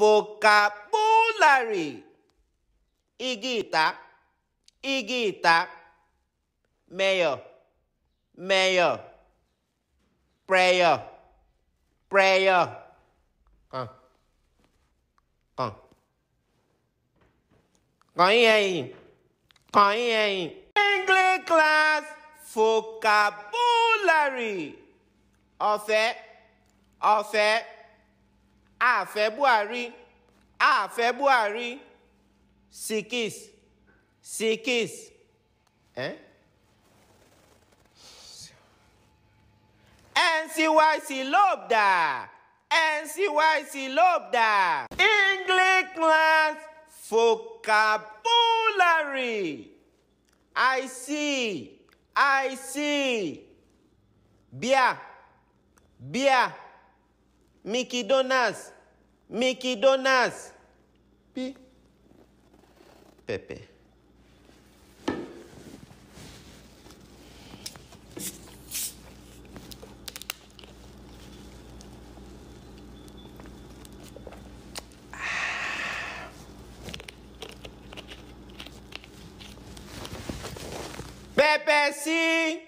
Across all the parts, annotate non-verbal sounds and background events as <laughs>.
vocabulary. Igita, Igita, mayor, mayor, prayer, prayer. Con, con, con aí, con aí. English class vocabulary. Ọ̀fẹ́, ọ̀fẹ́. àfẹ́ buhari àfẹ́ buhari sikis sikis eh? ncyc lobda ncyc lobda english class vocabulary i see i see bia bia. Mickey Donuts. Mickey Donuts. P. Pepe. Pepe sim,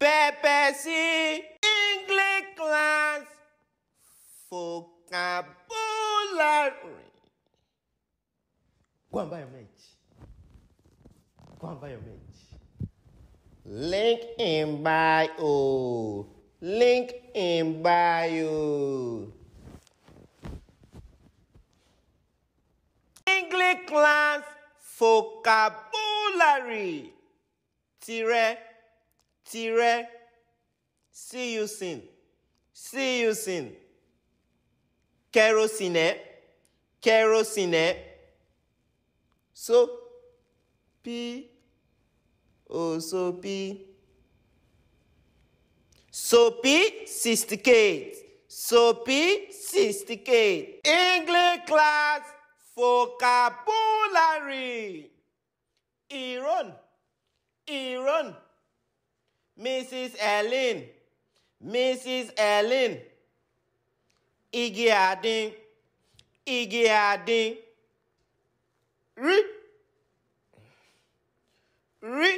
Pepe sim. Go and buy your match. Go and buy your match. Link in bio. Link in bio. English class vocabulary. Tire, tire. See you soon. See you soon. Kerosene. kerosene eh so p o oh, so p so p sixty-eight so p sixty-eight English class vocabulary iron iron Mrs. Ellen. Mrs. Ellen. igi adin ige adin rí rí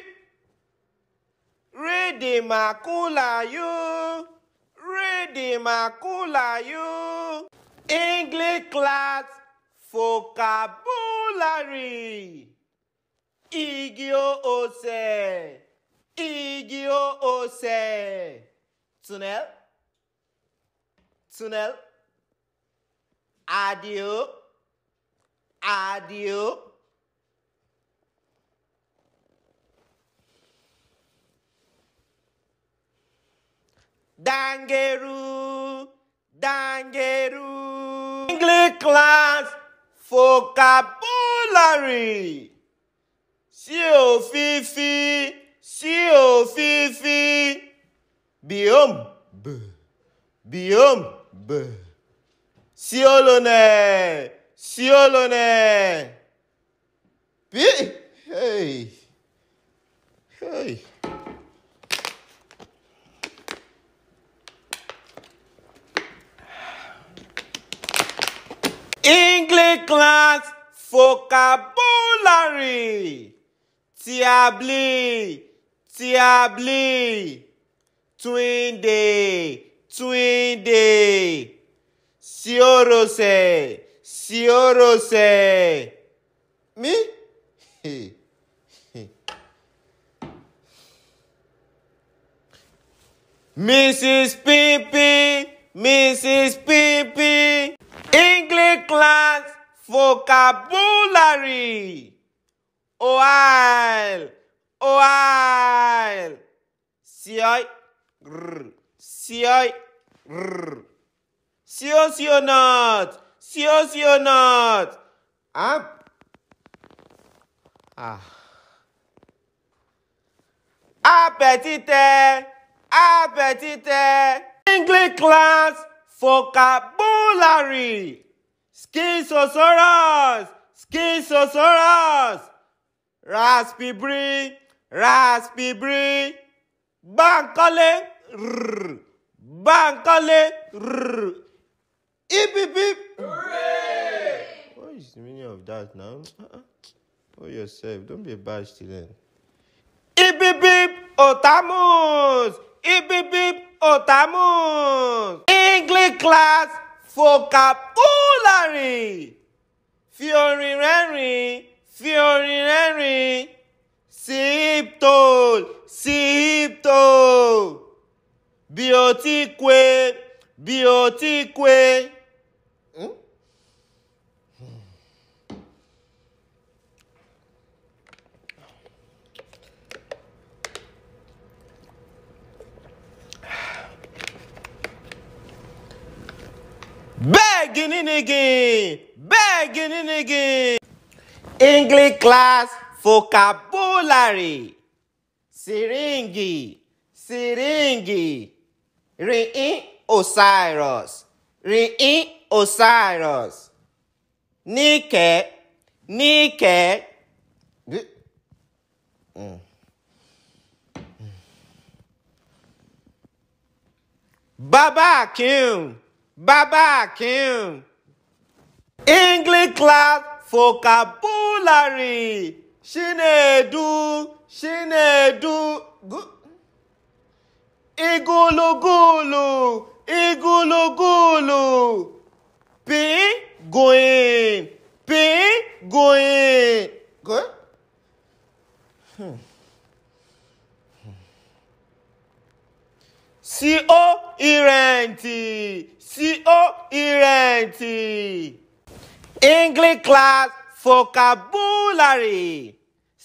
rédè màkúlàyò rédè màkúlàyò English class vocabulary igi ose igi ose tunnel tunnel. adieu, adieu. Dangeru, dangeru. English class vocabulary. Sí o fífi, sí o fífi. Biome, b, biome, b. Siolone! Siolone! Bi! Hey! Hey! English class vocabulary. Tiabli, tiabli. Twin day, twin day. Siorose, oh, Siorose. Oh, Me? <laughs> Mrs. Pippi, Mrs. Pippi, English class vocabulary. Oil, oil. Sioi, grr, sioi, grr or not? Siosiyonat! Siosiyonat! Ab! Ah. Appetite! Appetite! English class vocabulary! Schizosaurus! Schizosaurus! Raspy brie. Raspy brie. Bankole! Rrr! Bankole! Rrr! Hip, hip, hip. Hooray! What is the meaning of that now? Uh-uh. Oh, yourself. Don't be a bad student. then. Hip, hip, hip. Otamus. Hip, hip, hip. Otamus. English class vocabulary. Fi orin rẹ́rìn. Fi orin rẹ́rìn. Sip toll. Begging Hmm. Bẹ́ẹ̀gì nínigi bẹ́ẹ̀gì nínigi. English class vocabulary Syringi, syringi. rin in Osiris rin in Osiris níkẹ́ níkẹ́ bàbá akim bàbá Kim. English class vocabulary Chinedu Chinedu igulugulu igulugulu. Pé goyen. Pé goyen. Goyen? Hmm. sí ó ìrẹ̀ǹtì English class vocabulary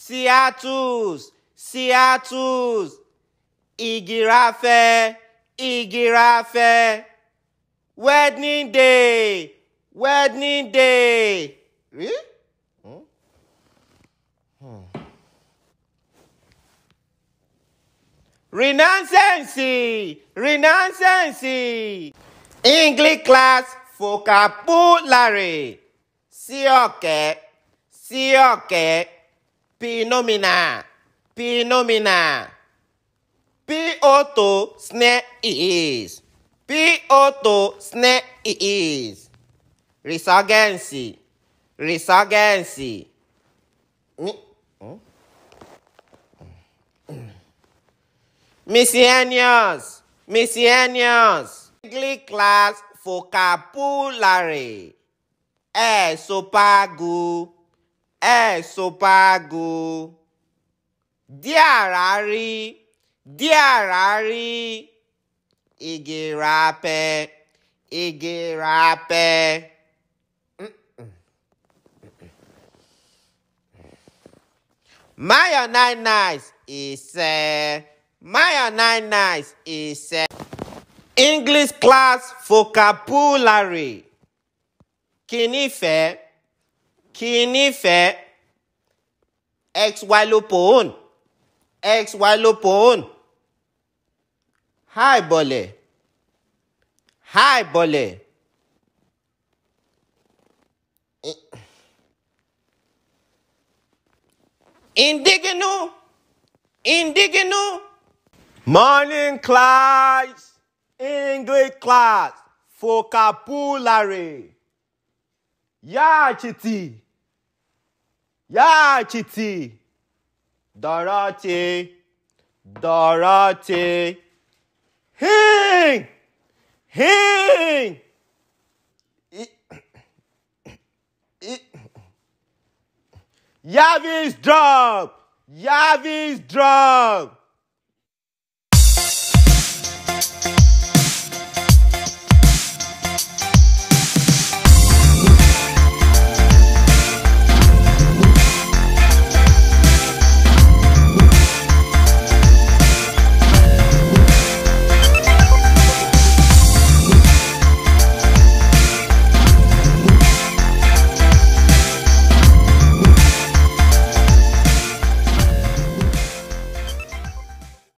seattles seattles ìgìrafẹ́ ìgìrafẹ́ wedding day wedding day. Rí? Hmm? Hmm. Renaissance! Renaissance! English class vocabulary. Sí ọ̀kẹ́, sí ọ̀kẹ́, phenomena, phenomena. p o t o s P.O.T. Snails. Resurgency. Resurgency. Hmm? Hmm. Miscellaneous. Miscellaneous. Middle class vocabulary. Ẹ̀sùpagù. Ẹ̀sùpagù. Díàrárí. Díàrárí. Igirape, Igirape. My nine nights is My Maya nine nights is English class vocabulary. Kinife, kinife, ex walopon, ex walopon háìbọlẹ̀ háìbọlẹ̀ ìndígínú ìndígínú. morning class english class vocabulary yáàchìtì yáàchìtì dọ̀rọ̀tì dọ̀rọ̀tì. Hang! Hang! It, it, Yavi's drum! Yavi's drum!